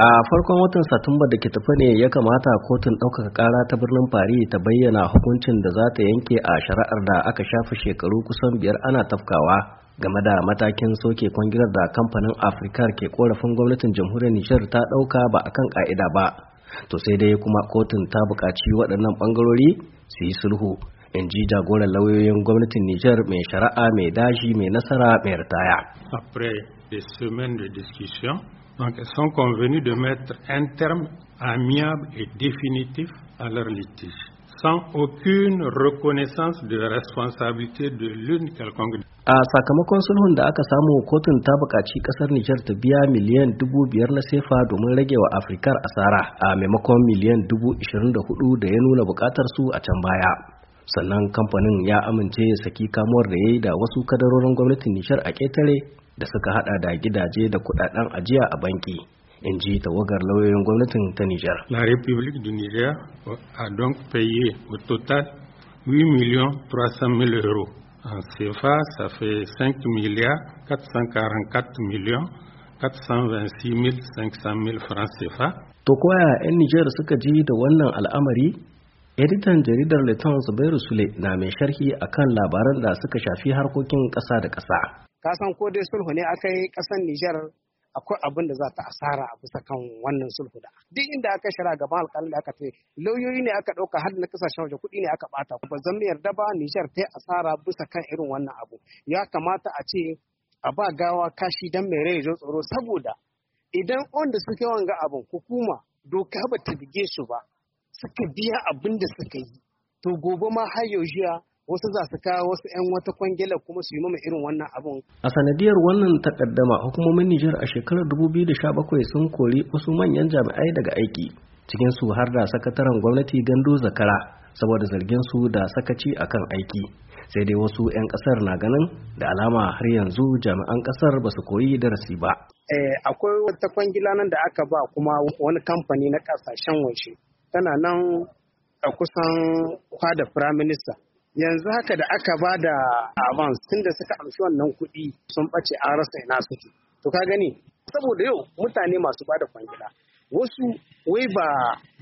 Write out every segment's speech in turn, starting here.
a farkon watan satumba da ke tafi ne ya kamata kotun ɗaukaka ƙara ta birnin fari ta bayyana hukuncin da za ta yanke a shari'ar da aka shafi shekaru kusan biyar ana tafkawa game da matakin soke kwangilar da kamfanin afirka ke korafin gwamnatin jamhuriyar nijar ta ɗauka ba akan ƙa'ida ba to sai dai kuma kotun ta buƙaci waɗannan ɓangarori su yi sulhu in ji jagoran lauyoyin gwamnatin nijar mai shari'a mai dashi mai nasara mai ritaya. Après de discussion, Donc, elles sont convenues de mettre un terme amiable et définitif à leur litige, sans aucune reconnaissance de responsabilité de l'une quelconque. a sakamakon sulhun da aka samu kotun ta bukaci ƙasar Nijar ta biya miliyan dubu biyar na sefa domin rage wa Afrikar asara a maimakon miliyan dubu ishirin da hudu da ya nuna buƙatar su a can baya. Sannan kamfanin ya amince ya saki kamuwar da ya yi da wasu kadarorin gwamnatin Nijar a ƙetare da suka hada da gidaje da kudaden ajiya a banki in ji tawagar lauyoyin gwamnatin ta Nijar. La République du Niger a donc payé au total 8 millions 300 000 euros. En CFA, ça fait 5 milliards 444 millions 426 500 000 francs CFA. To koya 'yan Nijar suka ji da wannan al'amari editan jaridar Leton Zubairu Sule na mai sharhi a kan labaran da suka shafi harkokin ƙasa da ƙasa. Ka san ko dai sulhu ne aka yi ƙasar Nijar akwai abin da za ta asara a bisa kan wannan sulhu da duk inda aka shara gaban alƙalin da aka ce lauyoyi ne aka ɗauka har na kasashen waje kuɗi ne aka ɓata ba zan yarda ba Nijar ta yi asara bisa kan irin wannan abu ya kamata a ce a ba gawa kashi dan mai rai tsoro saboda idan wanda suke wanga abin hukuma doka ba ta bige su ba suka biya abin da suka yi to gobe ma har yaushe wasu za su kawo wasu 'yan wata kwangila kuma su yi mama irin wannan abun. A sanadiyar wannan takaddama hukumomin Nijar a shekarar 2017 sun kori wasu manyan jami'ai daga aiki cikin su har da sakataren gwamnati Gando Zakara saboda zargin su da sakaci akan aiki. Sai dai wasu 'yan kasar na ganin da alama har yanzu jami'an kasar ba su koyi darasi ba. Eh, akwai wata kwangila nan da aka ba kuma wani kamfani na kasashen waje tana nan a kusan prime firaminista. Yanzu haka da aka ba da avance tun da suka amshi wannan kuɗi sun ɓace a rasa ina suke. To ka gani, saboda yau mutane masu ba da kwangila wasu wai ba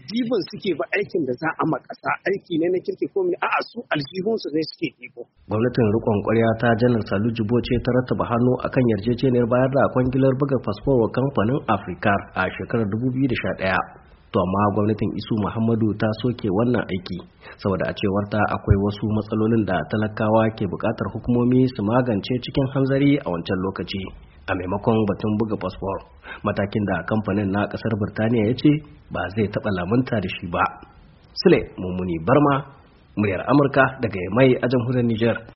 dibin suke ba aikin da za a makasa aiki ne na kirki ko a'a su aljihunsu ne suke ɗibo. Gwamnatin rikon kwarya ta janar Salu Jibo ce ta rattaba hannu akan yarjejeniyar bayar da kwangilar buga fasfo wa kamfanin afirka a shekarar 2011. to amma gwamnatin isu muhammadu ta soke wannan aiki saboda a cewar ta akwai wasu matsalolin da talakawa ke bukatar hukumomi su magance cikin hanzari a wancan lokaci a maimakon batun buga fasfor matakin da kamfanin na ƙasar birtaniya ya ce ba zai taɓa lamunta da shi ba sule mummuni barma muryar amurka daga mai a jamhuriyar niger